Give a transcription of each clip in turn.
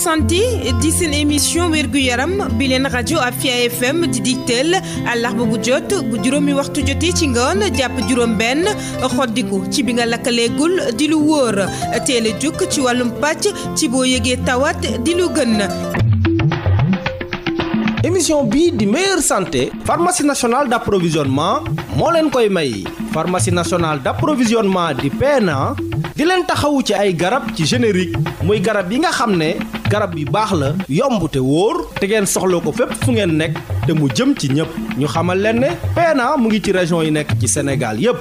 santé di seen émission wérgu yaram bi leen rajo Afia FM di digteel àllarba bu jot bu juróomi waxtu jotee ci ngoon jàpp juróom-benn xoddiku ci bi nga lakkaleegul di lu wóor teel a jukk ci wàllum pàcc ci boo yëgee tawat di lu gën. émission bi di meilleure santé pharmacie nationale d'approvisionnement moo leen koy may pharmacie nationale d'approvisionnement di PNA di leen taxawu ci ay garab ci générique muy garab yi nga xam ne garab yu baax la yomb te wóor te ngeen soxla ko fépp fu ngeen nekk te mu jëm ci ñëpp ñu xamal leen ne naa mu ngi ci région yi nekk ci Sénégal yépp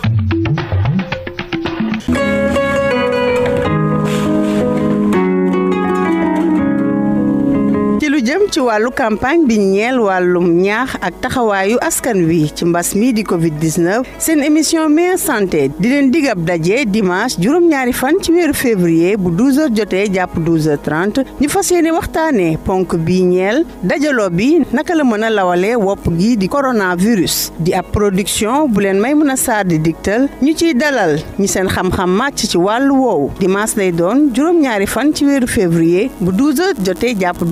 lu jëm ci wàllu campagne bi ñeel wàllum ñaax ak taxawaayu askan wi ci mbas mi di Covid 19 seen émission meilleure santé di leen dig ab daje dimanche juróom-ñaari fan ci weeru février bu 12h jotee jàpp 12h30 ñu fas yéene waxtaanee ponk bi ñeel dajaloo bi naka la mën a lawalee wopp gi di coronavirus di ab production bu leen may mën a saar di digtal ñu ciy dalal ñi seen xamxam xam màcc ci wàllu woowu dimanche lay doon juróom-ñaari fan ci weeru février bu 12 jàpp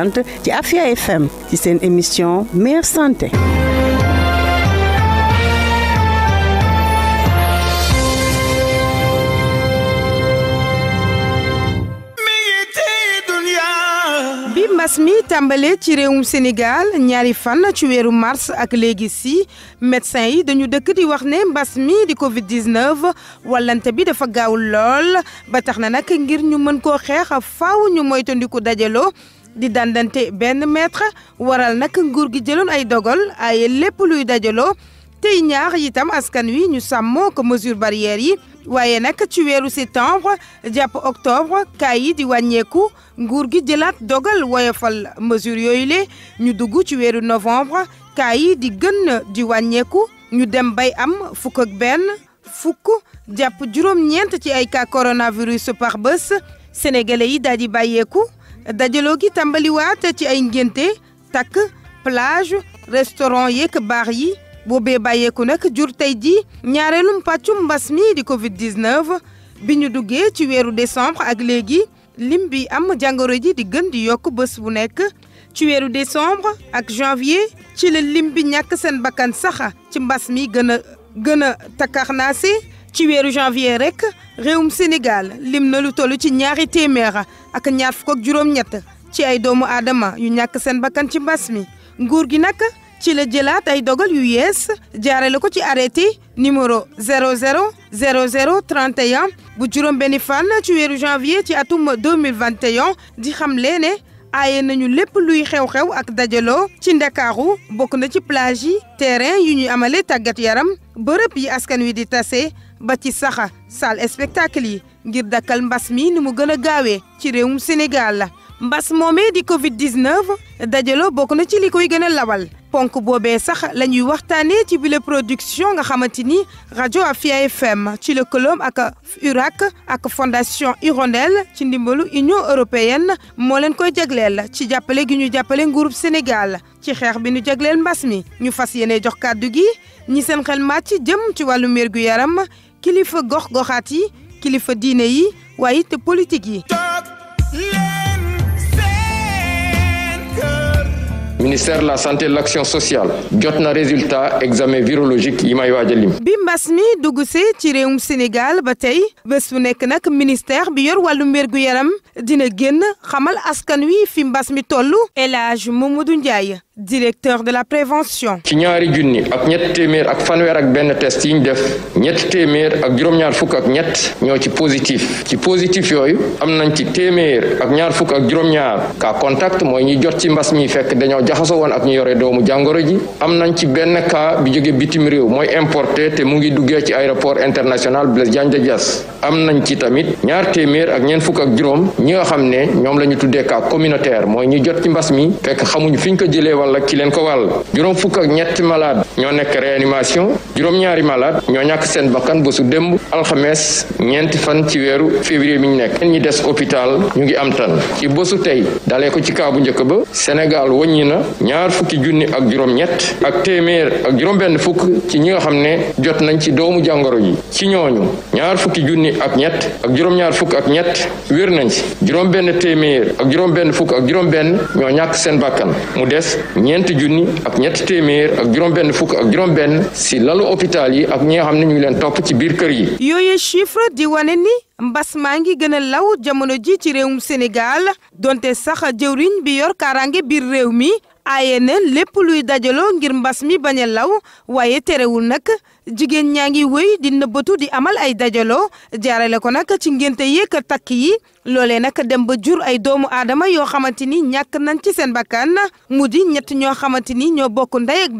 30 ci Afia FM ci seen émission meilleure santé. mbas mi tàmbale ci réewum Sénégal ñaari fan ci weeru mars ak léegi si médecin yi dañu dëkk di wax ne mbas mi di Covid 19 wallante bi dafa gaaw lool ba tax na nag ngir ñu mën koo xeex a faw ñu moytandiku dajaloo. di dandante benn mètre waral nag nguur gi jëloon ay dogal ay lépp luy dajaloo tey ñaax itam askan wi ñu sàmmoo ko mesure barrière yi waaye nag ci weeru septembre jàpp octobre cas yi di wàññeeku nguur gi jëlaat dogal woyofal mesure yooyu le ñu dugg ci weeru novembre cas yi di gën di wàññeeku ñu dem bay am fukk benn fukk jàpp juróom-ñeent ci ay cas coronavirus par bés sénégalais yi daal di bàyyeeku dajaloo gi tàmbaliwaat ci ay ngénte takk plage restaurant yeeg baax yi boobee bàyyeeku nag jur tey ji ñaareelu pàccum mbas mi di covid 19 bi ñu duggee ci weeru décembre ak léegi lim bi am jàngoro ji di gën di yokk bés bu nekk ci weeru décembre ak janvier ci la lim bi ñàkk seen bakkan sax ci mbas mi gën a gën a takkarnaase ci weeru janvier rek réewum Sénégal lim na lu toll ci ñaari téeméer ak ñaar fukk ak juróom-ñett ci ay doomu aadama yu ñàkk seen bakkan ci mbas mi nguur gi nag ci la jëlaat ay dogal yu yees jaarale ko ci arrêté numéro an bu juróom benni fan ci weeru janvier ci atum 2021 di xam xamle ne na ñu lépp luy xew-xew ak dajaloo ci ndakaaru bokk na ci plage yi terrain yu ñuy amale tàggat yaram bërëb yi askan wi di tase ba ci saxa salle spectacle yi ngir dakkal mbas mi ni mu gën a gaawee ci réewum Sénégal la mbas moomee di Covid 19 dajaloo bokk na ci li koy gën a lawal ponk boobe sax la ñuy waxtaanee ci bile production nga xamante ni rajo Afia FM ci lëkkaloom ak URAC ak fondation Hirondelle ci ndimbalu Union européenne moo leen koy jagleel ci jàppale gi ñu jàppale nguurub Sénégal ci xeex bi nu jaglel mbas mi ñu fas yéene jox kàddu gi ñi seen xel màcc ci jëm ci wàllu wér gu yaram. kilifa gox goxaat yi kilifa diine yi waaye te politique yi. ministère de la santé l'action sociale jot na résultat examen virologique yi may waaj a lim. bi mbas mi dugg si ci réewum Sénégal ba tey bés bu nekk nag ministère bi yor wàllum gu yaram dina génn xamal askan wi fi mbas mi toll El Hadj Mamadou Ndiaye directeur de la prévention. ci ñaari junni ak ñett téeméer ak fanweer ak benn test yi ñu def ñett téeméer ak juróom-ñaar fukk ak ñett ñoo ci positif ci positif yooyu am nañ ci téeméer ak ñaar fukk ak juróom jaxasoo woon ak ñu yore doomu jàngoro ji am nañ ci benn cas bi jóge bitim réew mooy importé te mu ngi duggee ci aéroport international Blaise Diagne Diass am nañ ci tamit ñaar téeméer ak ñeent fukk ak juróom ñi nga xam ne ñoom la ñu tuddee kaa communautaire mooy ñu jot ci mbas mi fekk xamuñu fi ñu ko jëlee wala ki leen ko wàll juróom fukk ak ñetti malade ñoo nekk réanimation juróom-ñaari malade ñoo ñàkk seen bakkan ba su démb alxames ñeenti fan ci weeru février mi ñu nekk ñi des hôpital ñu ngi am ci bésu tey dalee njëkk ba Sénégal ñaar fukki junni ak juróom-ñett ak téeméer ak juróom-benn fukk ci ñi nga xam ne jot nañ ci doomu jàngoro ji ci ñooñu ñaar fukki junni ak ñett ak juróom-ñaar fukk ak ñett wér nañ ci juróom-benn téeméer ak juróom-benn fukk ak juróom-benn ñoo ñàkk seen bàkkan mu des ñeenti junni ak ñett téeméer ak juróom-benn fukk ak juróom-benn si lalu hôpital yi ak ñi nga xam ne ñu ngi leen topp ci biir kër yi. yooyu chiffre di wane ni mbas maa ngi gën a law jamono ji ci réewum Sénégal donte sax jëwriñ bi réew mi aaye na lépp luy dajaloo ngir mbas mi bañ law waaye terewul nag jigéen ñaa ngi wéy di nëbbatu di amal ay dajaloo jaarale ko nag ci ngénte yeeg takk yi loole nag dem ba jur ay doomu aadama yoo xamante ni ñàkk nañ ci seen bakkan mu di ñett ñoo xamante ni ñoo bokk ndey ak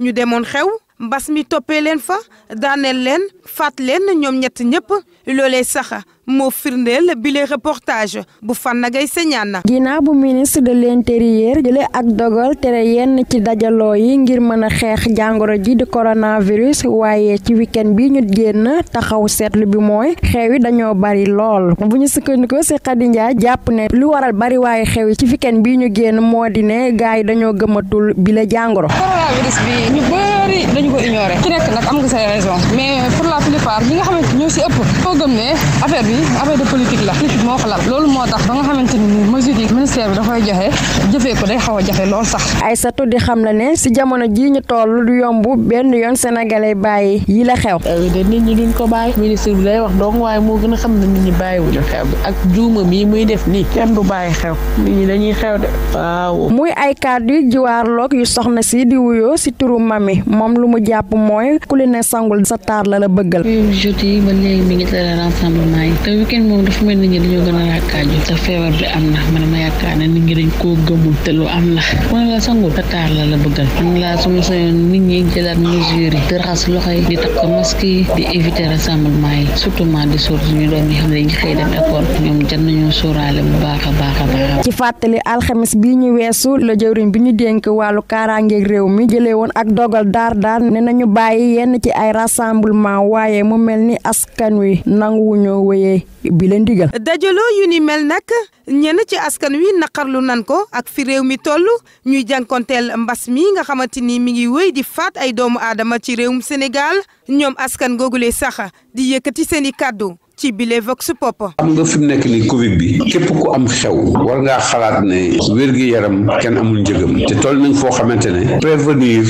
ñu demoon xew mbas mi toppee leen fa daaneel leen faat leen ñoom ñett ñëpp loolee sax moo firndeel bile reportage bu Fannagay na ginnaaw bu ministre de l'intérieur jëlee ak dogal tere yenn ci dajaloo yi ngir mëna xeex jàngoro ji di coronavirus waaye ci wiken bi ñu génn taxaw seetlu bi mooy xew yi dañoo bari lool bu ñu sukkandikoo ci Khady Ndiaye jàpp ne lu waral bari waaye xew yi ci weekend bi ñu génn moo di ne gars yi dañoo gëmatul bile jàngoro. bëri dañu ko ignoré ki nekk nag am nga say raison mais pour la plupart ñi nga xamante ñoo si affaire bi affaire de la politique moo ko lal loolu moo ba nga xamante ni mesures yi ministère bi da koy joxe jëfee ko day xaw a jafe lool sax Aïssatou di xam la ne si jamono ji ñu toll du yomb benn yoon sénégalais bàyyi yi la xew eh, nit ñi duñ ko bàyyi ministre bi day wax dong waaye moo gën a xam ne nit ñi bàyyiwuñu xew bi ak juuma mii muy def nii kenn du bàyyi xew nit ñi dañuy xew de waaw muy ay kàddu jiwaarloog yu soxna si di wuyoo si turu mami moom lu mu jàpp mooy ku li ne sangul sa taar la la bëggal. jeudi yi ba léegi mi ngi tere rassemblement yi te weekend moom dafa mel ni nit ñi dañoo gën a yaakaaju te feebar bi am na man ma yaakaar ne nit ñi dañ koo gëmul te lu am na ku ne la sangul sa taar la la bëggal man laa suma sañoon nit ñi jëlaat mesures yi di raxas loxo yi di takk masque di éviter rassemblement yi surtout maa di sóor suñu doom yi xam ne dañuy xëy dem école ñoom jar nañoo sóoraale bu baax a baax a baax. ci fàttali alxames bii ñu weesu la jëwriñ bi ñu dénk wàllu kaaraangeeg réew mi jëlee woon ak dogal daal daal ne nañu bàyyi yenn ci ay rassemblement waaye mu mel ni askan wi nanguwuñoo wéyee bi la ndigal. dajaloo yu ni mel nag ñenn ci askan wi naqarlu nan ko ak fi réew mi toll ñuy jànkonteel mbas mi nga xamante ni mi ngi wéy di faat ay doomu aadama ci réewum Sénégal ñoom askan googule sax di yëkkati seen i kàddu. ci bile Vox Pop. am nga fi mu nekk ni Covid bi képp ku am xew war ngaa xalaat ne wér gu yaram kenn amul njëgam te toll nañ foo xamante ne prévenir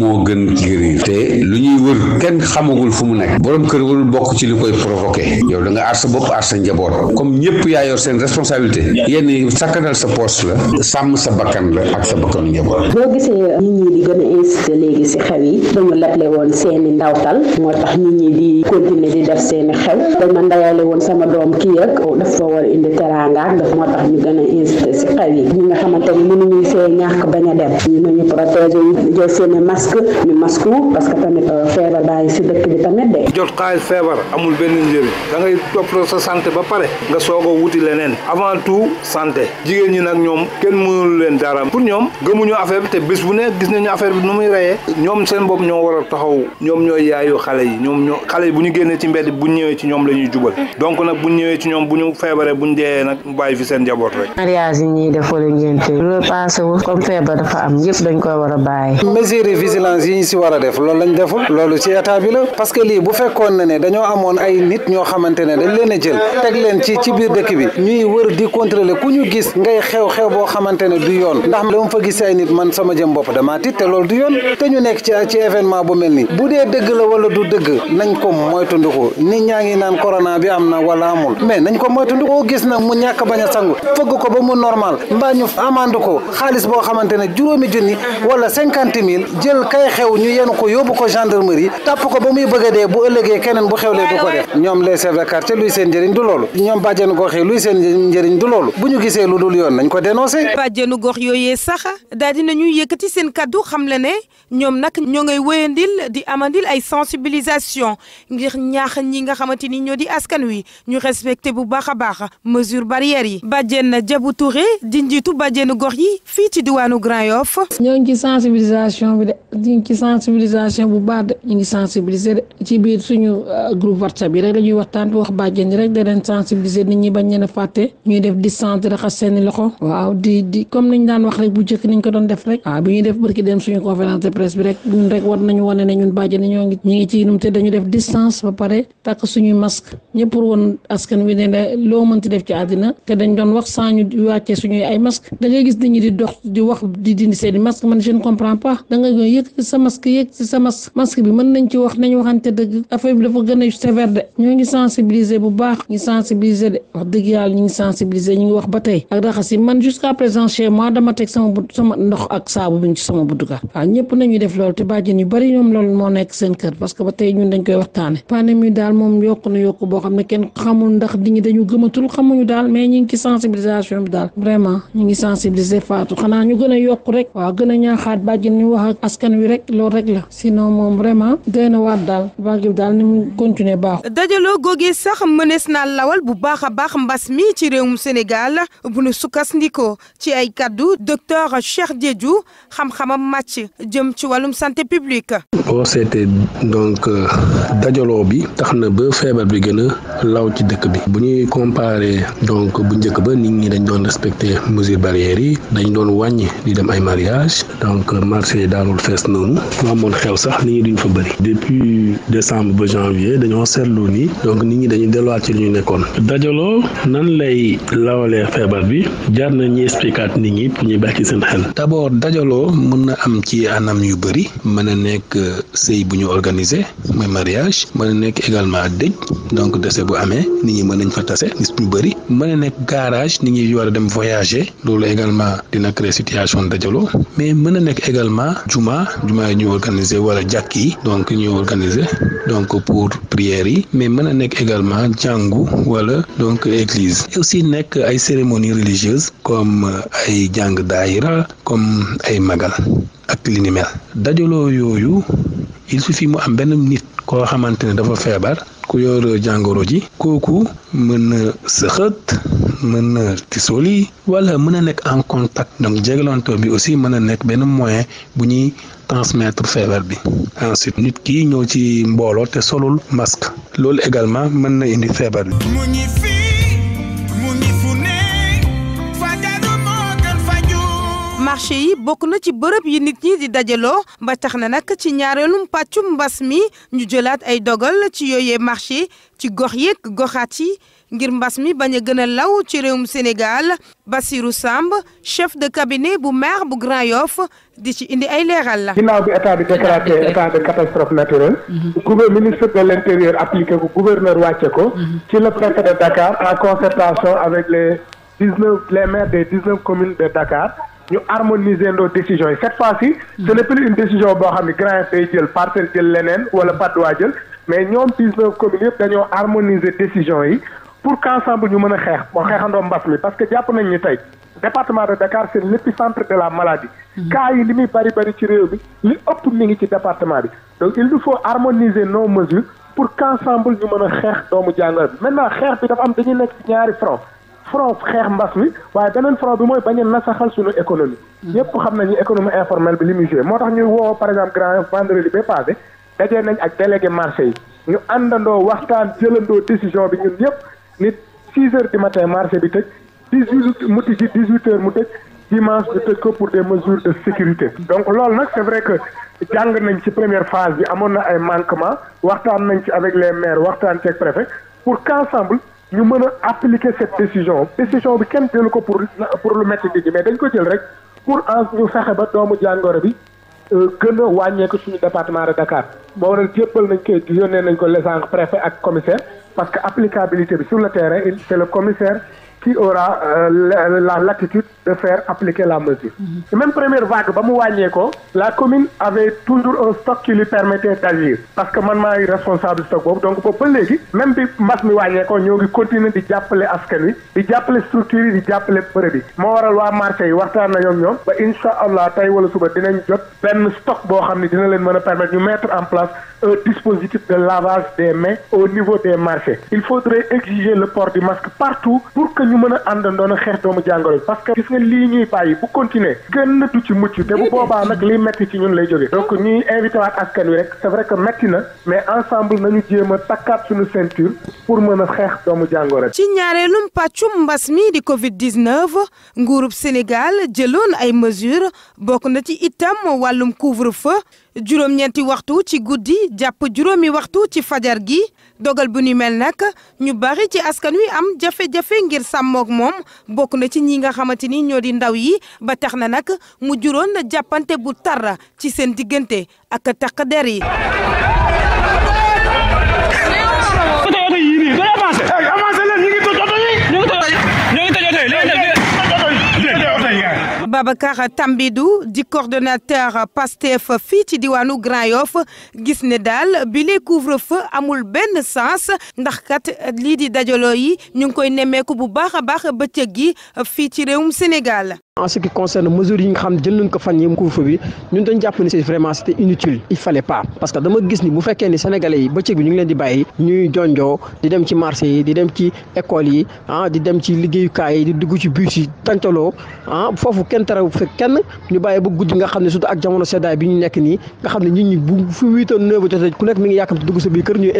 moo gën guérir te lu ñuy wër kenn xamagul fu mu nekk boroom kër warul bokk ci li koy provoqué yow da nga aar sa bopp aar sa njaboot comme ñëpp yaa yor seen responsabilité yenn yi sakkanal sa poche la sàmm sa bakkan la ak sa bakkanu njaboot. boo gisee nit ñi di gën a incité léegi si xew yi dañu lable woon seeni ndawtal ndayale woon sama doom kii ak daf war a indi teraanga ak moo tax ñu gën a incité xew yi ñi nga xamante ni mënuñuy fee ñàkk bañ a dem ñu nañu protéger ñu jël seeni masque ñu masque parce que tamit euh, feebar ngi si dëkk bi tamit de jot xaalis feebar amul benn njëriñ da ngay toppatoo sa santé ba pare nga soog a wuti leneen avant tout santé jigéen ñi nag ñoom kenn mënul leen dara pour ñoom gëmuñu affaire bi te bis bu nekk gis nañu affaire bi nu muy reyee ñoom seen bopp ñoo war a taxaw ñoom ñooy yaayu xale yi ñoom ñoo xale bu ñu génnee ci mbedd bu ñëwee ci ñoom la ñuy jubal donc nag bu ñëwee ci ñoom bu ñu feebaree bu ñu dee nag mu bàyyi fi seen njaboot rek mariage yi ñuy def wala ngénte loolu a bàyyi a def loolu ci état la parce que lii bu fekkoon na ne dañoo amoon ay nit ñoo xamante ne dañ a jël teg leen ci ci biir dëkk bi ñuy wër di contrôler ku ñu gis ngay xew-xew boo xamante ne du yoon ndax la mu fa gis ay nit man sama jëm bopp damaa tiit te loolu du yoon te ñu nekk ci événement bu mel ni bu dee dëgg la wala du dëgg nañ corona bi am na wala amul mais nañ ko moytu koo gis mu ñàkk bañ a sangu fëgg ko ba mu normal mbaa ñu amande ko xaalis boo xamante ne juróomi junni wala cinquante mille jël kay xew ñu yenu ko yóbbu ko gendarmerie tàpp ko ba muy bëgg a dee bu ëllëgee keneen bu xewlee du ko def ñoom les chefs de quartier luy seen njëriñ du loolu ñoom bàjjenu gox yi luy seen njëriñ du loolu bu ñu gisee lu dul yoon nañ ko dénoncé bàjjenu gox yooyee sax daal dinañuy yëkkati seen kaddu xam le ne ñoom nag ñoo askan wi ñu respecté bu baax a baax mesure barrière yi Badiane Diabou Touré di njiitu Badiane gox yi fii ci diwaanu Grand Yoff ñoo ngi ci sensibilisation bi de ñu ngi ci sensibilisation bu baax de ñu ngi sensibiliser de ci biir suñu euh, groupe WhatsApp yi rek la ñuy waxtaan wax bàjjen rek da leen sensibiliser nit ñi bañ leen a ñu ñuy def distance di raxas seeni loxo waaw di di comme ñu daan wax rek bu njëkk niñ ko doon def rek waaw bi ñuy def barki dem suñu conférence de presse bi rek ñun rek war nañu wane ne ñun bàjjen ñoo ngi ñu ngi ci num te dañu def distance ba pare takk suñuy masque ñëpp pour woon askan wi ne la loo mënti def ci àddina te dañ doon wax sans ñu wàccee di dox di wax di dindi seen i masque man je ne comprends pas da nga bi mën nañ ci wax nañ waxante dëgg baax ñu sensibiliser wax dëgg yàlla ñu ngi sensibiliser ñu wax ba tey ak raxas man jusqu'à présent chez moi dama teg sama sama ndox ak saabu bi ci sama budduka waaw ñëpp nañu def loolu te moo nekk seen kër parce que ba tey ñun dañ koy waxtaane pandémie daal moom yokk na yokk boo xam ne kenn xamul ndax nit ñi dañu gëmatul xamuñu daal mais ñu ngi ci sensibilisation bi daal vraiment ñu ngi sensibiliser Fatou xanaa ñu gën a yokk rek waaw gën a ñaaxaat bàjjen ñu wax ak askan wi rek loolu rek la sinon moom vraiment gën a waat daal bàjjen daal ni mu continuer baax. dajaloo googee sax mënees naa lawal bu baax a baax mbas mi ci réewum Sénégal bu nu sukkandikoo ci ay kaddu docteur Cheikh Diédhiou xam-xamam màcc jëm ci wàllum santé publique. OCT donc dajaloo bi tax na ba feebar bi gën law ci dëkk bi bu ñuy comparer donc bu njëkk ba nit ñi dañ doon respecter mesures barrières yi dañ doon wàññi di dem ay mariage donc marché daanul fees noonu mu amoon xew sax nit ñi duñ fa bëri depuis décembre ba janvier dañoo seetlu nii donc nit ñi dañuy delluwaat ci li ñu nekkoon dajaloo nan lay lawalee feebar bi jar na ñuy expliquer nit ñi pour ñu ci seen xel d'abord dajaloo mën na am ci anam yu bëri mën a nekk sëy bu ñu organiser mooy mariage mën a nekk également dëj donc donc dese bu amee nit ñi mën nañ fa tase gis ñu bëri mën na nekk garage nit ñi war a dem voyager loolu également dina créer situation dajaloo mais mën a nekk également juma juma yi ñu organiser wala jàkk yi donc ñu organiser donc pour prières yi mais mën a nekk également jàngu wala donc église aussi nekk ay cérémonie religieuse comme ay jàng daayira comme ay magal ak li ni mel dajaloo yooyu il suffit mu am benn nit koo xamante ne dafa feebar ku yor jàngoro ji kooku mën na sëxët mën na tisoli wala mën a nekk en contact donc jégalanto bi aussi mën na nekk benn moyen bu ñuy transmettre feebar bi ensuite nit ki ñëw ci mbooloo te solul masque loolu également mën na indi feebar bi. marché bokk na ci bërëb yi nit ñi di dajaloo ba na nag ci ñaareelum pàccum mbas mi ñu jëlaat ay dogal ci yooyee marché ci gox yeeg goxaat yi ngir mbas mi bañ a gën a law ci réewum Sénégal basiru Samb chef de cabinet bu maire bu Grand Yoff di ci indi ay leeral la. ginnaaw bi état bi déclaré état de catastrophe naturelle. Mhm. gouver ministre de l' appliqué ko gouverneur wàcce ko. Mhm. ci le préfet de Dakar en concertation avec les dix neuf communes de Dakar. ñu harmoniser ndoo décision yi cette fois-ci ce n'est plus une décision boo xam ne Grand Yoff day jël Parcelles jël leneen wala Patte d'Oie jël mais ñoom dix-neuf communes yëpp dañoo harmoniser décision yi pour qu'ensemble ñu mën a xeex boo xeexandoo mbas mi parce que jàpp nañ ni tey département de Dakar c'est l'épicentre de la maladie mm-hmm. cas yi li muy bari bari ci réew bi li ëpp mi ngi ci département bi donc il nous faut harmoniser nos mesures pour qu'ensemble ñu mën a xeex doomu jàngoro bi maintenant xeex bi dafa am dañuy nekk ñaari front front xeex mbas mi waaye beneen front bi mooy bañ a nasaxal suñu économie. Mm-hmm. ñëpp xam nañu économie informelle bi li muy joué moo tax ñu woo par exemple grand vendredi ba passé dajee nañ ak délégué marché yi ñu àndandoo waxtaan jëlandoo décision bi ñun ñëpp nit 6 heures du matin marché bi tëj 18 mu mu tëj dimanche ñu tëj ko pour des mesures de sécurité. donc loolu nag c'est vrai que jàng nañ ci première phase bi amoon na ay manquements waxtaan nañ ci avec les maires waxtaan ceeg préfet pour qu'ensemble. ñu mën a appliquer cette décision décision bi kenn jëlu ko pour pour lu métti nit ñi mais dañ ko jël rek pour en ñu fexe ba doomu jàngoro bi euh, gën a wàññeeku suñu département de Dakar moo waral jébbal nañ koy yónnee nañ ko les préfet ak commissaire parce que applicabilité bi sur le terrain c'est le commissaire qui aura euh, la latitude de faire appliquer la mesure. Mmh. première vague ba mu wàññeekoo la commune avait toujours un stock qui lui permettait d'agir parce que man maay responsable stock boobu donc boobu ba léegi même bi mbas mi wàññeekoo ñoo ngi continuer di jàppale askan wi di jàppale structure yi di jàppale produit moo waral waa marché yi waxtaan na ñoom ñoom ba insha allah tey wala suba dinañ jot benn stock boo xam ni dina leen mën a permettre ñu mettre en place un dispositif de lavage des ñu mën a àndandoon a xeex doomu jàngoro bi parce que gis nga lii ñuy bàyyi bu continuer gën du ci mucc te bu boobaa nag liy metti ci ñun lay jóge donc ñuy invité waat askan wi rek c'est vrai que metti na mais ensemble nañu jéem a takkaat suñu ceinture pour mën a xeex doomu jàngoro bi ci ñaareelum pàccum mbas mi di covid 19 nguurub Sénégal jëloon ay mesures bokk na ci itam wàllum couvre-feu juróom-ñeenti waxtu ci guddi jàpp juróomi waxtu ci fajar gi dogal bu ni mel nag ñu bari ci askan wi am jafe-jafe ngir sàmmoog moom bokk na ci ñi nga xamante ni ñoo di ndaw yi ba tax na nag mu juroon na jàppante bu tar ci seen diggante ak takk yi Babacar Tambidou di coordonnateur PASTEF fii ci diwaanu Grand Yoff gis ne daal bi les amul benn sens ndax kat lii di dajaloo yi ñu ngi koy nemmeeku bu baax a baax bëccëg gi fii ci réewum Sénégal. en ce qui concerne mesures yi nga xam jël nañ ko fan yi couvre-feu bi ñun dañ jàpp ni c'est vraiment c'était inutile il fallait pas parce que dama gis ni bu fekkee ni sénégalais yi bëccëg bi ñu leen di bàyyi ñuy jonjoo di dem ci marché yi di dem ci école yi ah di dem ci liggéeyukaay yi di dugg ci bus yi tàncaloo ah foofu kenn taraw fekk kenn ñu bàyyi ba guddi nga xam ne surtout ak jamono seddaay bi ñu nekk nii nga xam ne nit ñi fu huit heures neuf heures ku nekk mi ngi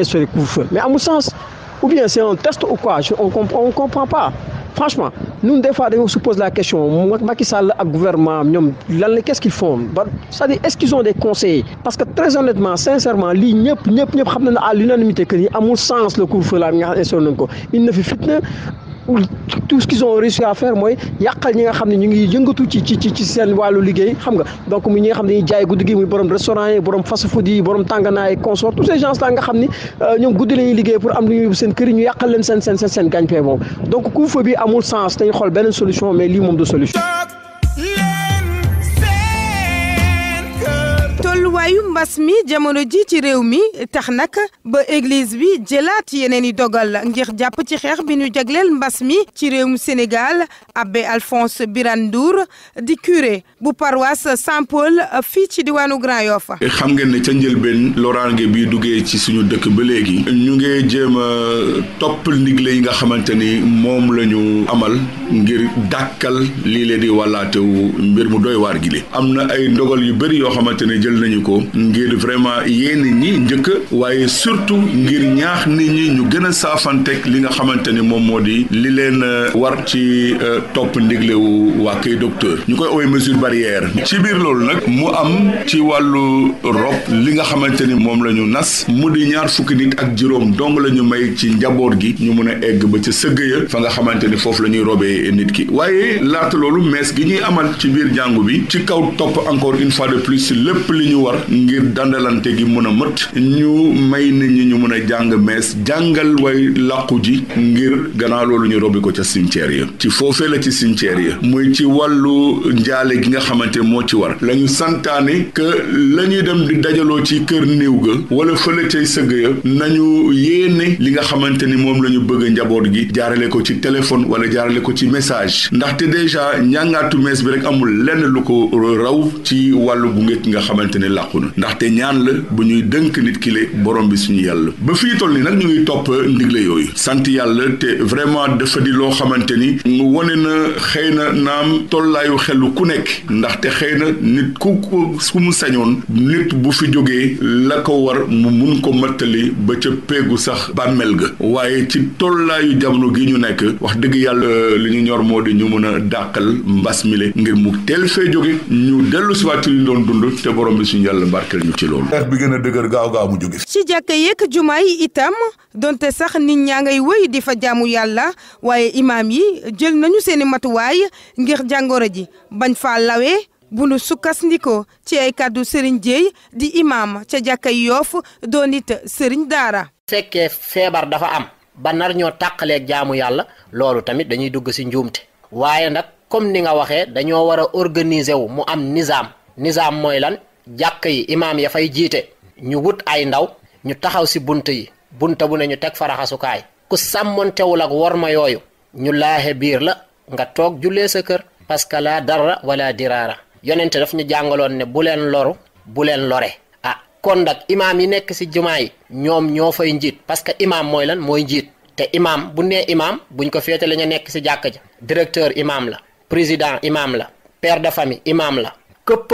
ou bien c'est un test ou quoi on comp on comprend pas franchement ñun des fois dañoo se pose la question Macky Sall gouvernement ñoom lan la qu'est-ce qu'ils font ba cest à ce qu'ils ont des conseils parce que très honnêtement sincèrement lii ñëpp ñëpp ñëpp xam nañ ne à l'unanimité que ni amul sens le couvre-feu la nga xam ne il ne fi fitna tout ce qu'ils ont réussi à faire mooy yàqal ñi nga xam ne ñu ngi yëngatu ci seen wàllu liggéey xam nga donc mu ñi nga xam ne jaay guddi gi muy borom restaurant yi borom fast food yi borom tànganaay consort tous ces gens là nga xam ni euh, ñoom guddi la liggéey pour am lu ñu yóbbu seen kër ñu yàqal leen seen seen seen seen gagne donc couvre-feu bi amul sens dañu xool beneen solution mais lii moom du solution taxawaayu mbas mi jamono ji ci réew mi tax nag ba église bi jëlaat yeneen i dogal ngir jàpp ci xeex bi ñu jagleel mbas mi ci réew réewum Sénégal abbé Alphonse Birane Ndour di curé bu paroisse Saint-Paul fii ci diwaanu Grand Yoff. xam ngeen ne ca njëlbeen loraange bi duggee ci suñu dëkk ba léegi. ñu ngi jéem a topp ndigle yi nga xamante ni moom la ñu amal ngir dàkkal lii leen di wàllaatewu mbir mu doy waar gi am na ay ndogal yu bëri yoo xamante ne jël nañu ko. ko ngir vraiment yéen ñi njëkk waaye surtout ngir ñaax nit ñi ñu gën a saafanteeg li nga xamante ni moom moo di li leen euh, war ci euh, topp ndiglewu waa kay docteur ñu koy ooy mesure barrière ci biir loolu nag mu am ci wàllu rob li nga xamante ni moom la ñu nas mu di ñaar fukki nit ak juróom dong la ñu may ci njaboot gi ñu mun a egg ba ca sëgg ya fa nga xamante ni foofu la ñuy robee nit ki waaye laata loolu mees gi ñuy amal ci biir jàngu bi ci kaw topp encore une fois de plus lépp li ñu war ngir dandalante gi mun a mët ñu may nit ñi ñu mën a jàng mees jàngal way làqu ji ngir gannaaw loolu ñu robbi ko ca cimetière ya ci foofee la ci cimetière ya muy ci wàllu njaale gi nga xamante moo ci war la ñu santaane la ñuy dem di dajaloo ci kër néew ga wala fële cay nañu yéene li nga xamante ni moom la ñu bëgg njaboot gi jaarale ko ci téléphone wala jaarale ko ci message ndaxte déjà njàngaatu mees bi rek amul lenn lu ko raw ci wàllu gunge gi nga xamante ni làqu na ndaxte ñaan la bu ñuy dënk nit kile le borom bi suñu yàlla ba fii toll ni nag ñu ngi topp ndigle yooyu sant yàlla te vraiment dafa di loo xamante ni mu wone na xëy na naam tollaayu xelu ku nekk ndaxte xëy na nit ku ku mu sañoon nit bu fi jógee la ko war mu mun ko mattali ba ca péegu sax bàmmeel ga waaye ci tollaayu jamono gi ñu nekk wax dëgg yàlla li ñu ñor moo di ñu mën a dàqal mbas mi le ngir mu teel fee jóge ñu dellu si waat ci doon dund te borom yàlla barkeel ñu ci loolu. xeex bi gën a dëgër gaaw jàkka yeeg jumaa yi itam donte sax nit ñaa ngay wéy di fa jaamu yàlla waaye imaam yi jël nañu seeni matuwaay ngir jàngoro ji bañ fa lawee bu nu sukkandikoo ci ay kàddu sëriñ Jéey di imaam ca jàkka Yoff doonit it sëriñ daara. fekkee feebar dafa am ba nar ñoo tàqaleeg jaamu yàlla loolu tamit dañuy dugg si njuumte waaye nag comme ni nga waxee dañoo war a organiser wu mu am nizaam nizaam mooy jàkk yi imaam ya fay jiite ñu wut ay ndaw ñu taxaw si bunt yi bunt bu ne ñu teg faraxasukaay ku sàmmoon sàmmontewul ak ma yooyu ñu laaxe biir la nga toog jullee sa kër parce que laa dara wala diraara yonente daf ñu jàngaloon ne bu leen loru bu leen lore ah kon nag imaam yi nekk si jumaa yi ñoom ñoo fay njiit parce que imaam mooy lan mooy jiit te imaam bu ne imaam buñ ko féete la ñu nekk si jàkk ja directeur imaam la président imaam la père de famille imaam la képp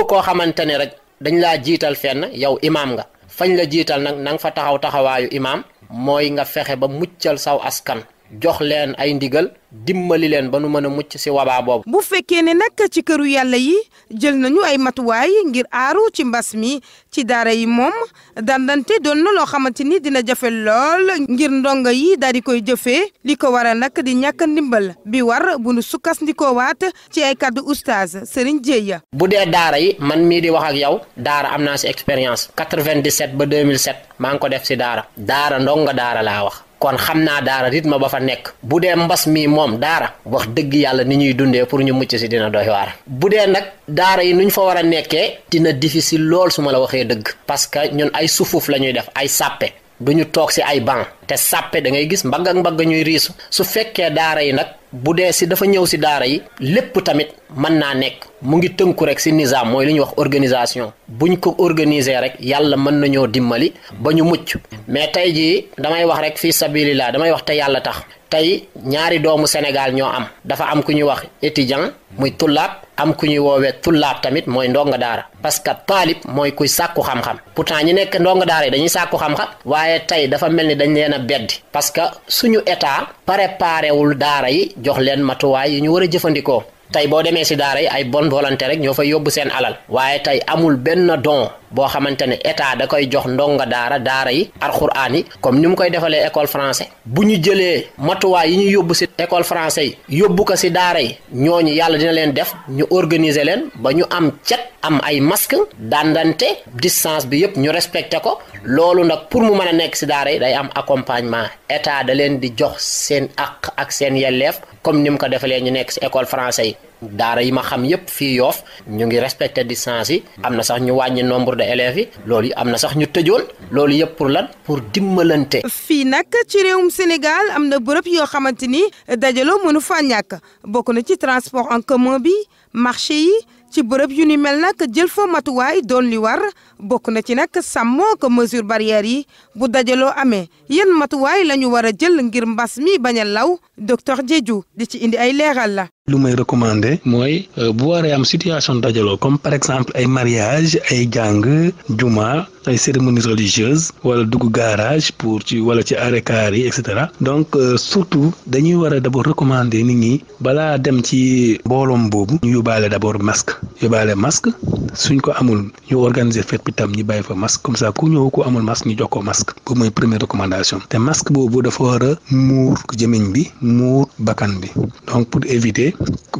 dañ laa jiital fenn yow imaam nga fañ la jiital nag na fa taxaw taxawaayu imaam mooy nga fexe ba muccal saw askan jox leen ay ndigal dimbali leen ba nu mën a mucc si wabaa boobu. bu fekkee ne nag ci këru yàlla yi jël nañu ay matuwaay ngir aaru ci mbas mi ci daara yi moom dandante doon na loo xamante ni dina jafe lool ngir ndongo yi daal di koy jëfee li ko waral nag di ñàkk ndimbal bi war bu nu sukkandikoo waat ci ay kaddu oustaz Serigne Dieye. bu dee daara yi man mii di wax ak yow daara am naa ci expérience 97 ba 2007 maa ngi ko def si daara daara ndongo daara laa wax. kon xam naa daara rythme ba fa nekk bu dee mbas mi moom daara wax dëgg yàlla ni ñuy dundee pour ñu mucc si dina doy waar bu dee nag daara yi nu ñu fa war a nekkee dina difficile lool su ma la waxee dëgg parce que ñun ay sufuuf la ñuy def ay sàppe du ñu toog si ay banc te sàppe da ngay gis mbagg ak mbagg ñuy riisu su fekkee daara yi nag bu dee si dafa ñëw si daara yi lépp tamit mën naa nekk mu ngi tënku rek si nizaam mooy lu ñuy wax organisation bu ñu ko organiser rek yàlla mën nañoo dimbali ba ñu mucc mais tey jii damay wax rek fii sabilillah damay wax te yàlla tax tey ñaari doomu Sénégal ñoo am dafa am ku ñuy wax étudiant muy tullaab am ku ñuy woowee tullaab tamit mooy ndonga daara parce que taalib mooy kuy sàkku xam-xam pourtant ñi nekk ndonga daara yi dañuy sàkku xam-xam waaye tey dafa mel ni dañ leen a beddi parce que suñu état préparé wul daara yi jox leen matuwaay yi ñu war a jëfandikoo tey boo demee si daara yi ay bonne volonté rek ñoo fay yóbbu seen alal waaye tey amul benn don boo xamante ne état da koy jox ndongo daara daara yi alxuraan yi comme ni mu koy defalee école français bu ñu jëlee matuwaay yi ñu yóbbu si école français yóbbu ko si daara yi ñooñu yàlla dina leen def ñu organiser leen ba ñu am cet am ay masque dandante distance bi yëpp ñu respecté ko loolu nag pour mu mën a nekk si daara yi day am accompagnement état da leen di jox seen àq ak seen yelleef comme ni mu ko defalee ñu nekk si école français daara yi ma xam yëpp fii yoof ñu ngi respecté distance yi am na sax ñu wàññi nombre de élèves yi loolu am na sax ñu tëjoon loolu yëpp pour lan pour dimbalante. fii nag ci réewum Sénégal am na bërëb yoo xamante ni dajaloo mënu faa ñàkk bokk na ci transport en commun bi marché yi. ci bërëb yu ni mel nag jël fa matuwaay doon li war bokk na ci nag sàmmoo ko mesure barrière yi bu dajaloo amee yan matuwaay la ñu war a jël ngir mbas mi bañ a law docteur Diedhiou di ci indi ay leeral la lu may recommander mooy euh, bu waree am situation dajaloo comme par exemple ay mariage ay jàng juma ay cérémonies religieuses wala dugg gaarage pour ci wala ci arrêt car yi cetera donc euh, surtout dañuy war a d'abord recommander nit ñi balaa dem ci mbooloom boobu ñu yóbbaale d'abord masque yóbbaale masque suñ ko amul ñu organiser fête bi tam ñu bàyyi fa masque comme ça ku ñëw ku amul masque ñu jox ko masque boobu mooy première recommandation te masque boobu dafa war a muur jëmiñ bi muur bakkan bi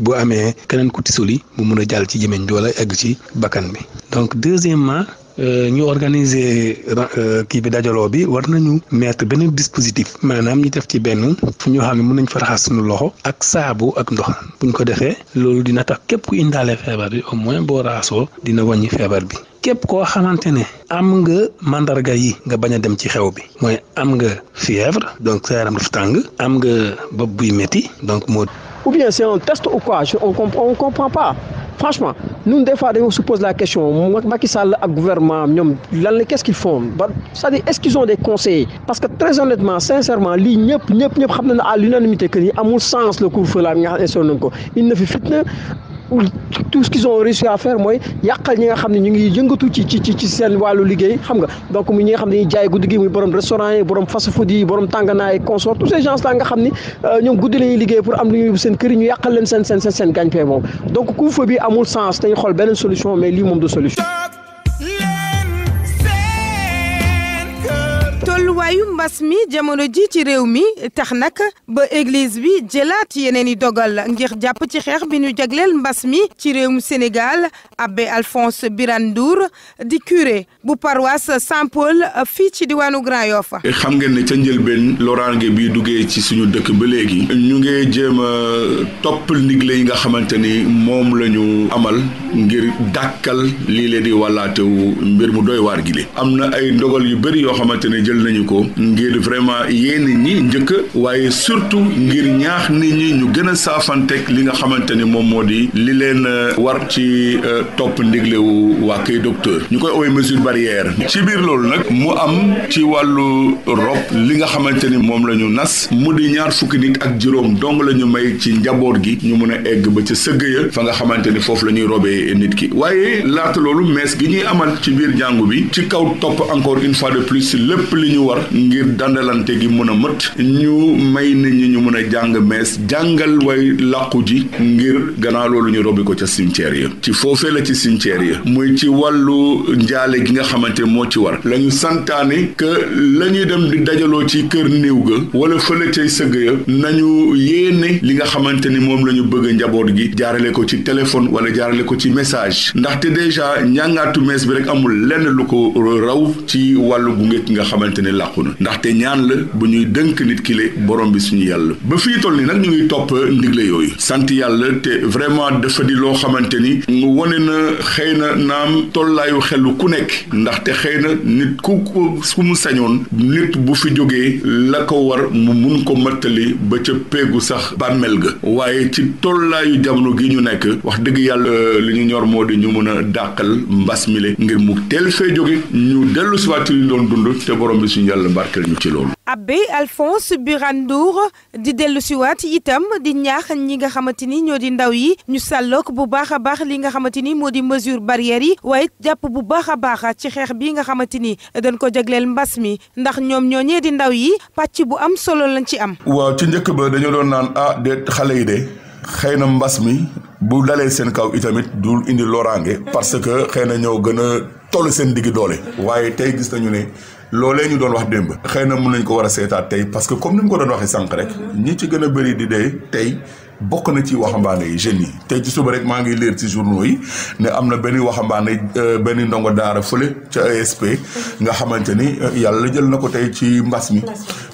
boo amee keneen ku tisoli bu mun a jàll ci jëmeñ bi wala egg ci bakkan bi donc deuxièmement euh, ñu organiser euh, kii bi dajaloo bi war nañu mettre benn dispositif maanaam ñu def ci benn fu ñu xam ne mën nañ fa raxas suñu loxo ak saabu ak ndox buñ ko defee loolu dina tax képp ku indaale feebar bi au moins boo raxasoo dina wàññi feebar bi. képp koo xamante ne am nga màndarga yi nga bañ a dem ci xew bi mooy am nga fièvre donc sa yaram dafa tàng am nga bop buy métti donc moo. ou bien c'est un test ou quoi on comp comprend pas franchement ñun des fois dañoo se pose la question Macky Sall gouvernement ñoom lan la qu'est-ce qu'ils font ba cest à ce qu'ils ont des conseillers parce que très honnêtement sincèrement lii ñëpp ñëpp ñëpp xam nañ ne l'unanimité que ni amul sens le couvre-feu la nga xam ne instauré il ne fi fitna tout ce qu'ils ont réussi à mooy yàqal ñi nga xam ne ñu ngi yëngatu ci ci ci seen wàllu liggéey xam nga donc mu ñi nga xam ne dañuy jaay guddi gi muy borom restaurant yi borom fast food yi borom tànganaay consort tous ces gens là nga xam ni euh, ñoom guddi la liggéey pour am lu ñuy seen kër ñu yàqal leen seen seen seen seen gagne moom donc couvre-feu bi amul sens dañu xool beneen solution mais lii moom du solution wàccuwaayu mbas mi jamono ji ci réew mi tax nag ba église bi jëlaat yeneen i dogal ngir jàpp ci xeex bi ñu jagleel mbas mi ci réew réewum Sénégal abbé Alphonse Birane Ndour di curé bu paroisse Saint-Paul fii ci diwaanu Grand Yoff. xam ngeen ne ca njëlbeen loraange bi duggee ci suñu dëkk ba léegi ñu ngi jéem a topp ndigle yi nga xamante ni moom la ñu amal ngir dàkkal lii leen di wàllaatewu mbir mu doy waar gi am na ay ndogal yu bëri yoo xamante ne jël nañu ko ngir vraiment yéen ñi njëkk waaye surtout ngir ñaax nit ñi ñu gën a saafanteeg li nga xamante ni moom moo di li leen euh, war ci euh, topp ndiglewu waa kay docteur ñu koy ooy mesure barrière ci biir loolu nag mu am ci wàllu rob li nga xamante ni moom la ñu nas mu di ñaar fukki nit ak juróom dong la ñu may ci njaboot gi ñu mun a egg ba ca sëgg ya fa nga xamante ni foofu la ñuy robee nit ki waaye laata loolu mees gi ñuy amal ci biir jàngu bi ci kaw topp encore une fois de plus ngir dandalante gi mën a mët ñu may nit ñi ñu mën a jàng mees jàngal way làqu ji ngir gannaaw loolu ñu robbi ko ca cimetière yi ci foofee la ci cimetière yi muy ci wàllu njaale gi nga xamante moo ci war lañu santaane la ñuy dem di dajaloo ci kër néew ga wala fële cay nañu yéene li nga xamante ni moom la ñu bëgg njaboot gi jaarale ko ci téléphone wala jaarale ko ci message ndaxte déjà njàngaatu mees bi rek amul lenn lu ko raw ci wàllu gunge ki nga xamante ni làqu yàqu ndaxte ñaan la bu ñuy dënk nit kile borom bi suñu yàlla ba fii toll ni nag ñu ngi topp ndigle yooyu sant yàlla te vraiment dafa di loo xamante ni mu wane na xëy na naam tollaayu xelu ku nekk ndaxte xëy na nit ku ku mu sañoon nit bu fi jógee la ko war mu mun ko mattali ba ca péegu sax bàmmeel ga waaye ci tollaayu jamono gi ñu nekk wax dëgg yàlla euh, li ñu ñor moo di ñu mën a dàqal mbas mi le ngir mu teel fee jóge ñu dellu si waat ci li ñu doon dund te borom bi suñu yàlla yàlla barkeel ñu ci loolu. abbé Alphonse Birane Ndour di dellu siwaat itam di ñaax ñi nga xamante ni ñoo di ndaw yi ñu sàllook bu baax a baax li nga xamante ni moo di mesure barrière yi waaye jàpp bu baax a baax ci xeex bi nga xamante ni dañ ko jagleel mbas mi ndax ñoom ñoo ñee di ndaw yi pàcc bu am solo lañ ci am. waaw ci njëkk ba dañu doon naan ah déet xale yi de xëy na mbas mi bu dalee seen kaw itamit du indi loraange parce que xëy na ñoo gën a toll seen digg doole waaye tey gis nañu loole ñu doon wax démb xëy na mun nañ ko war a seetaat tey parce que comme ni mu ko doon waxee sànq rek ñi ci gën a bëri di dee tey bokk na ci waxambaane yi jeunes yi tey ci suba rek maa ngi leer ci journaux yi ne am na benn waxambaane euh, benn ndongo daara fële ca ESP. nga xamante ni euh, yàlla jël na ko tey ci mbas mi.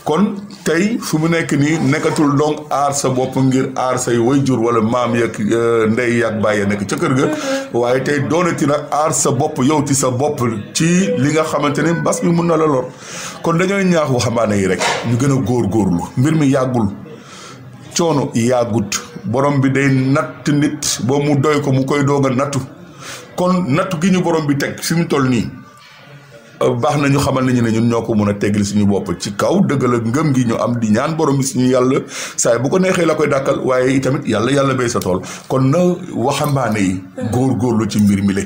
kon tey fu mu nekk nii nekkatul donc aar sa bopp ngir aar say waajur wala maam yeeg euh, ndey yaag bàyyi nekk ca kër ga. Mm-hmm. waaye tey doonati na aar sa bopp yow ci sa bopp ci li nga xamante ni mbas mi mun na la lor kon dañooy ñaax waxambaane yi rek ñu gën a góorgóorlu mbir mi yàggul. coono yàggut borom bi day natt nit ba mu doy ko mu koy doog a nattu kon nattu gi ñu borom bi teg fi mu toll nii baax na ñu xamal nañu ne ñun ñoo ko mën a teggil suñu bopp ci kaw dëgg la ngëm gi ñu am di ñaan borom bi suñu yàlla saay bu ko neexee la koy dàkkal waaye itamit yàlla yàlla béy sa tool kon na waxambaane yi góor góorgóorlu ci mbir mi le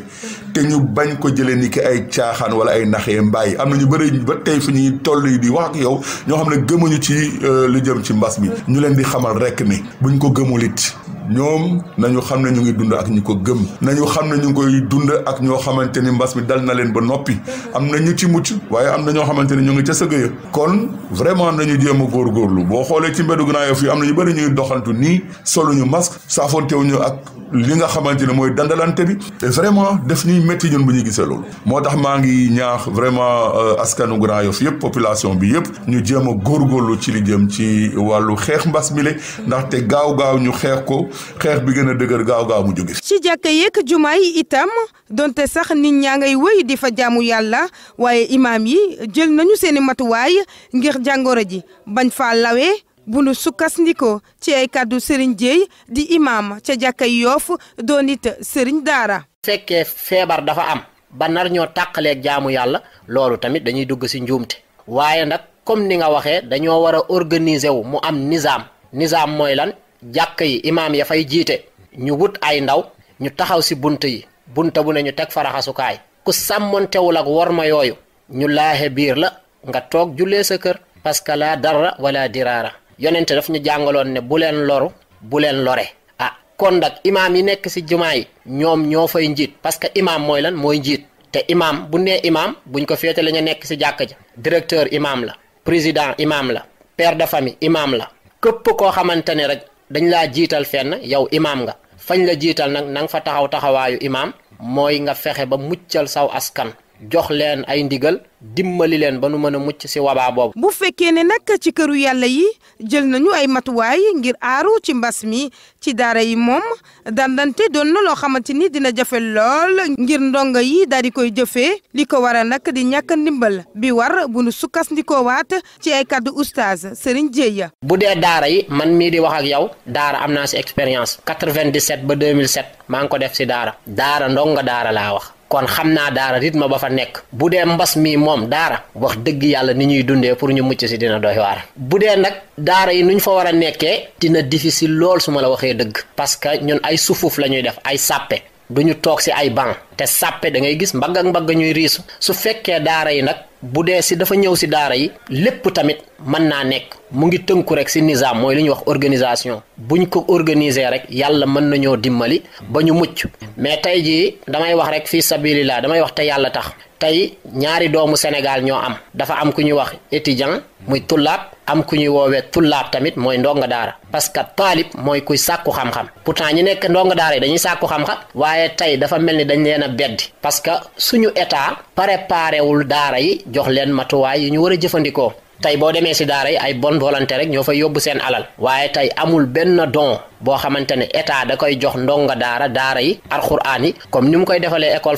te ñu bañ ko jëlee ni ki ay caaxaan wala ay naxee mbaay am na ñu bëri ba tey fi ñuy toll yi di wax ak yow ñoo xam ne gëmuñu ci euh, lu jëm ci mbas mi ñu leen di xamal rekk ni buñ ko gëmul it ñoom nañu xam ne ñu ngi dund ak ñu ko gëm nañu xam nañu ngi koy dund ak ñoo xamante ni mbas mi dal na leen ba noppi am na ñu ci mucc waaye am na ñoo xamante ni ñu ngi ca sëgg ya kon vraiment nañu jéem a góorgóorlu boo xoolee ci mbedu Grand am nañu ñu bëri ñuy doxantu nii solu soluñu masque saafontewuñu ak li nga xamante ne mooy dandalante bi et vraiment def ñuy métti ñun bu ñu gisee loolu moo tax maa ngi ñaax vraiment euh, askanu Grand Yoff yëpp population bi yëpp ñu jéem a góorgóorlu ci li jëm ci wàllu xeex mbas mi le ndaxte gaaw gaaw ñu xeex ko xeex bi gën a dëgër gaaw gaaw mu jóge ci jàkka yeeg jumaa yi itam donte sax nit ñaa ngay wéy di fa jaamu yàlla waaye imaam yi jël nañu seeni matuwaay ngir jàngoro ji bañ fa lawee bu nu sukkandikoo ci ay kàddu sëriñ Jéey di imaam ca jàkkay Yoof doon it sëriñ daara fekkee feebar dafa am ba nar ñoo tàqaleeg jaamu yàlla loolu tamit dañuy dugg si njuumte waaye nag comme ni nga waxee dañoo war a organiser wu mu am nizaam nizaam mooy lan jàkk yi imaam ya fay jiite ñu wut ay ndaw ñu taxaw si bunt yi bunta bu ne ñu teg faraxasukaay ku sàmmontewul ak worma yooyu ñu laaxe biir la nga toog jullee sa kër parce que la dara wala diraara yonente daf ñu jàngaloon ne bu leen loru bu leen lore ah kon nag imaam yi nekk si jumaa yi ñoom ñoo fay njiit parce que imaam mooy lan mooy njiit te imaam bu nee imaam buñ ko féete la nekk si jàkk ja directeur imaam la président imaam la per de famille imaam la képp koo xamante ne rek dañ laa jiital fenn yow imaam nga fañ la jiital nag na nga fa taxaw taxawaayu imaam mooy nga fexe ba muccal saw askan jox leen ay ndigal dimbali leen ba nu mën a mucc si wabaa boobu. bu fekkee ne nag ci këru yàlla yi jël nañu ay matuwaay ngir aaru ci mbas mi ci daara yi moom dandante doon na loo xamante ni dina jafe lool ngir ndongo yi daal di koy jëfee li ko waral nag di ñàkk ndimbal bi war bu nu sukkandikoo waat ci ay kàddu oustaz Serigne Dieye. bu dee daara yi man mii di wax ak yow daara am naa ci expérience 97 ba 2007 maa ngi ko def si daara daara ndongo daara laa wax. kon xam naa daara rythme ba fa nekk bu dee mbas mi moom daara wax dëgg yàlla ni ñuy dundee pour ñu mucc si dina doy waar bu dee nag daara yi nu ñu fa war a nekkee dina difficile lool su ma la waxee dëgg parce que ñun ay sufuuf la ñuy def ay sàppe du ñu toog si ay banc te sàppe dangay gis mbagg ak mbagg ñuy riisu su fekkee daara yi nag bu dee si dafa ñëw si daara yi lépp tamit mën naa nekk mu ngi tënku rek si nizaam mooy li ñuy wax organisation bu buñ ko organiser rek yàlla mën nañoo dimbali ba ñu mucc mais tey jii damay wax rek fii sabilillah damay wax te yàlla tax tey ñaari doomu Sénégal ñoo am dafa am ku ñuy wax étudiant muy tullaab am ku ñuy woowee tullaab tamit mooy ndonga daara parce que taalib mooy kuy sàkku xam-xam pourtant ñi nekk ndonga daara yi dañuy sàkku xam-xam waaye tey dafa mel ni dañ leen a beddi parce que suñu état préparé wul daara yi jox leen matuwaay yi ñu war a jëfandikoo tey boo demee si daara yi ay bonne volonté rek ñoo fay yóbbu seen alal waaye tey amul benn don boo xamante ne état da koy jox ndongo daara daara yi alxuraan yi comme ni mu koy defalee école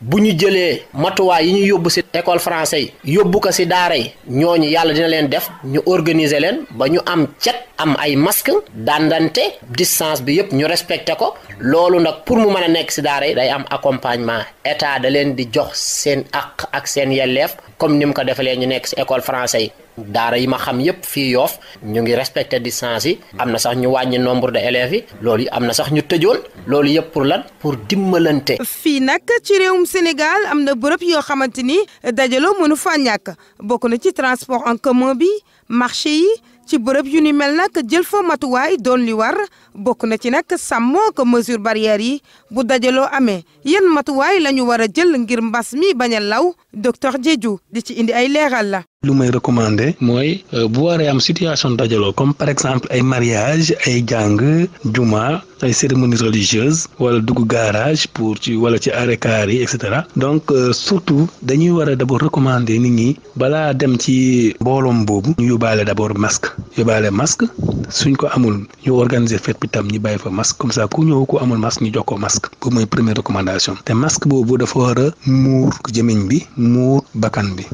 bu ñu jëlee matuwaay yi ñu yóbbu si école français yóbbu ko si daara yi ñooñu yàlla dina leen def ñu organiser leen ba ñu am cet am ay masque dandante distance bi yëpp ñu respecté ko loolu nag pour mu mën a nekk si daara yi day am accompagnement état da leen di jox seen ak ak seen yelleef comme ni mu ko defalee ñu nekk si école francais yi daara yi ma xam yëpp fii yoof ñu ngi respecté distance yi am na sax ñu wàññi nombre de élèves yi loolu am na sax ñu tëjoon loolu yëpp pour lan pour dimbalante fii nag ci réewum Sénégal am na bërëb yoo xamante ni dajaloo mënu fa ñàkk bokk na ci transport en commun bi marché yi ci bërëb yu ni mel nag jël fa matuwaay doon li war bokk na ci nag sàmmoo ko mesure barrière yi bu dajaloo amee yan matuwaay la ñu war a jël ngir mbas mi bañ law docteur Diedhiou di ci indi ay leeral la lu may recommander mooy euh, bu waree am situation dajaloo comme par exemple ay mariage ay jàng juma ay cérémonie religieuse wala dugg gaarage pour ci wala ci arrêt car yi et cetera donc euh, surtout dañuy war a d'abord recommander nit ñi balaa dem ci mbooloom boobu ñu yóbbaale d'abord masque yóbbaale masque suñ ko amul ñu organiser fête bi tam ñu bàyyi fa masque comme ça ku ñëw ku amul masque ñu jox ko masque boobu mooy première recommandation te masque boobu dafa war a muur jëmiñ bi muur bakkan bi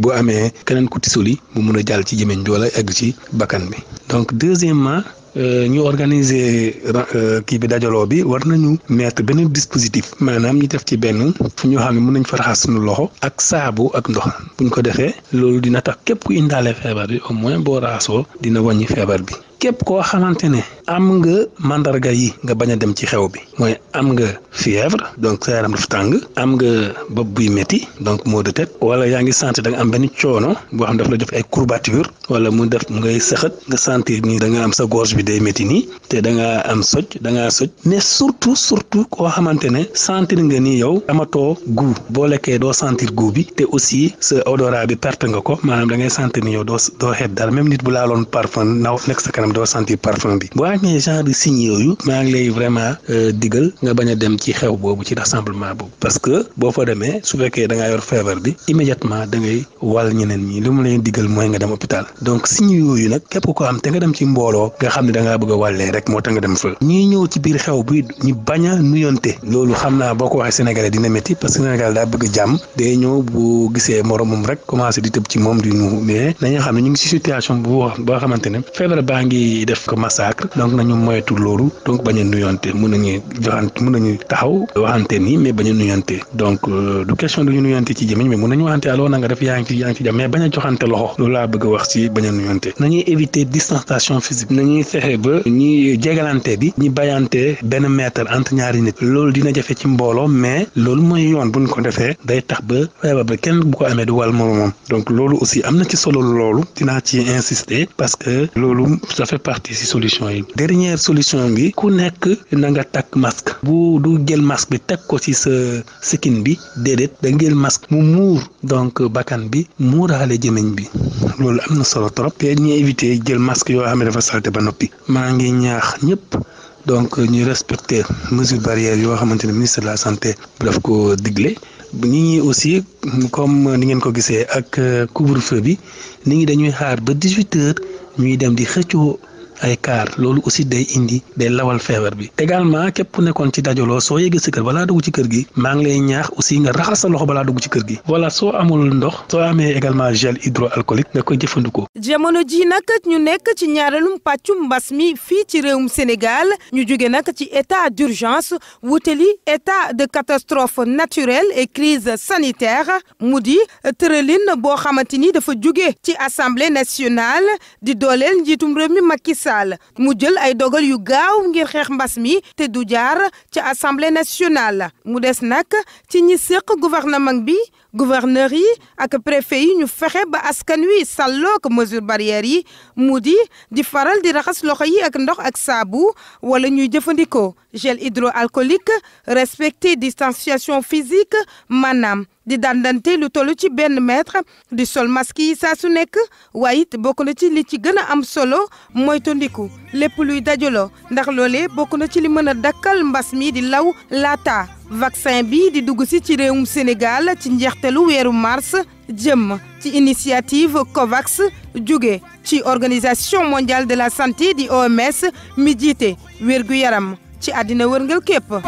boo amee keneen ku tisoli mu mun a jàll ci jëmeñ bi wala egg ci bakkan bi donc deuxièmement euh, ñu organiser euh, kii bi dajaloo bi war nañu mettre benn dispositif maanaam ñu def ci benn fu ñu xam ne mën nañ fa raxas suñu loxo ak saabu ak ndox buñ ko defee loolu dina tax képp ku indaale feebar bi au moins boo raxasoo dina wàññi feebar bi képp koo xamante ne am nga mandarga yi nga bañ a dem ci xew bi mooy am nga fièvre donc sa yaram dafa tàng am nga bopp buy métti donc maux de tête wala yaa ngi sentir da nga am benn coono boo xam dafa la def ay courbature wala mu def ngay sëxat nga sentir ni da nga am sa gorge bi day métti nii te da nga am soj da ngaa soj mais surtout surtout koo xamante ne sentir nga ni yow amatoo gu boo lekkee doo santir goût bi te aussi sa odorat bi perte nga ko maanaam da ngay sentir ni yow doo doo xeet dara même nit bu laaloon parfum naw nekk sa kanam maanaam doo sentir parfum bi boo amee genre signe yooyu maa ngi lay vraiment euh, digal nga bañ a dem ci xew boobu ci rassemblement boobu parce que boo fa demee su fekkee da yor feebar bi immédiatement da ngay wàll ñeneen ñi li mu leen digal mooy nga dem hôpital donc signe yooyu nag képp ko am te nga dem ci mbooloo nga xam ne da ngaa bëgg a wàllee rek moo tax nga dem fa ñuy ñëw ci biir xew bi ñu bañ a nuyonte loolu xam naa boo ko waxee sénégalais dina métti parce que sénégal daa bëgg jàmm day ñëw bu gisee moromam rek commencé di tëb ci moom di ñu mais dañoo xam ne ñu ngi ci situation boo xamante di def ko massacre donc nañu moytu loolu donc bañ a nuyonte mun nañu taxaw waxante nii mais bañ a nuyonte donc euh, du question du nuyonte ci jëmiñ mais mun nañu waxante alors nga def yaa ngi ci yaa mais bañ a joxante loxo loolu laa bëgg a wax ci bañ a nuyonte nañuy éviter distanciation physique nañuy fexe ba ñi jegalante bi ñi bayante benn mètre entre ñaari nit loolu dina jafe ci mbooloo mais loolu mooy yoon buñ ko defee day tax ba feebar ba kenn bu ko amee du wàll moroomam donc loolu aussi ça fait partie si solution yi dernière solution bi ku nekk na nga takk masque bu du jël masque bi teg ko ci sa sikkin bi déedéet da nga jël masque mu muur donc bakkan bi muuraale jëmeñ bi loolu am na solo trop te ñu invité jël masque yoo xam ne dafa salte ba noppi maa ngi ñaax ñëpp donc ñu respecter mesures barrières yoo xamante ne ministre de la santé daf ko digle ñi ñi aussi comme ni ngeen ko gisee ak couvre-feu bi nit ñi dañuy xaar ba 18 heures ñuy dem di xëccoo ay kaar loolu aussi day indi day lawal feebar bi également képp ku nekkoon ci dajaloo soo yéegee sa kër balaa dugg ci kër gi maa ngi lay ñaax aussi nga raxas a loxo balaa dugg ci kër gi wala soo amul ndox soo amee également gel hydroalcoolique nga koy jëfandikoo. jamono ji nag ñu nekk ci ñaareelum pàccum mbas mi fii ci réewum Sénégal ñu jóge nag ci état d'urgence wutali état de catastrophe naturel et crise sanitaire mu di tëralin boo xamante ni dafa jóge ci assemblée nationale di dooleel njiitum réew mi Macky Sall Sall mu jël ay dogal yu gaaw ngir xeex mbas mi te du jaar ci assemblée nationale mu des nag ci ñi séq gouvernement bi gouverneur yi ak préfet yi ñu fexe ba askan wi sàlloo ko mesure yi mu di di faral di raxas loxo yi ak ndox ak saabu wala ñuy jëfandikoo gel hydroalcoolique respecter distanciation physique maanaam di dandante lu toll ci benn mètre di sol maski yi saa su nekk waaye it bokk na ci li ci gën a am solo moytandiku lépp luy dajaloo ndax loolee bokk na ci li mën a dakkal mbas mi di law laata vaccin bi di dugg si ci réewum Sénégal ci njeextalu weeru mars jëm ci initiative COVAX jóge ci organisation mondiale de la santé di OMS mi jiite wér gu yaram ci àddina wërngal képp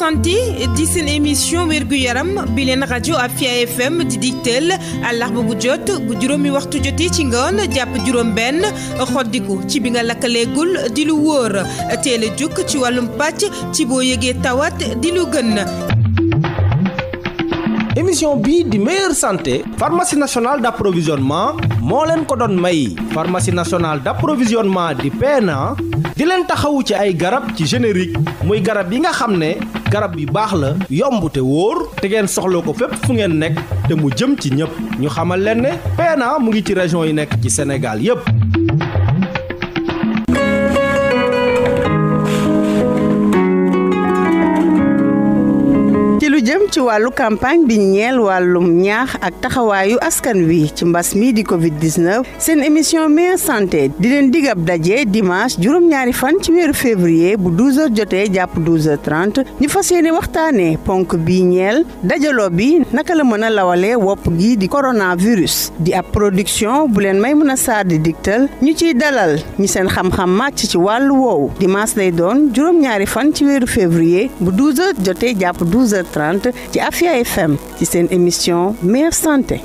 santé di seen émission wérgu yaram bi leen rajo Afia FM di digteel àllarba bu jot bu juróomi waxtu jotee ci ngoon jàpp juróom-benn xoddiku ci bi nga lakkaleegul di lu wóor teel a jukk ci wàllum pàcc ci boo yëgee tawat di lu gën. émission bi di meilleure santé pharmacie nationale d'approvisionnement moo leen ko doon may pharmacie nationale d'approvisionnement di PNA di leen taxawu ci ay garab ci générique muy garab yi nga xam ne garab yu baax la yomb te wóor te ngeen soxla ko fépp fu ngeen nekk te mu jëm ci ñëpp ñu xamal leen ne naa mu ngi ci région yi nekk ci Sénégal yépp jëm ci wàllu campagne bi ñeel wàllum ñaax ak taxawaayu askan wi ci mbas mi di Covid 19 seen émission meilleure santé di leen dig ab daje dimanche juróom-ñaari fan ci weeru février bu 12h jotee jàpp 12h30 ñu fas yéene waxtaanee ponk bi ñeel dajaloo bi naka la mën a lawalee wopp gi di coronavirus di ab production bu leen may mën a saar di digtal ñu ciy dalal ñi seen xamxam xam màcc ci wàllu woowu dimanche lay doon juróom-ñaari fan ci weeru février bu 12 jàpp te ci Afia FM ci seen émission meilleure santé.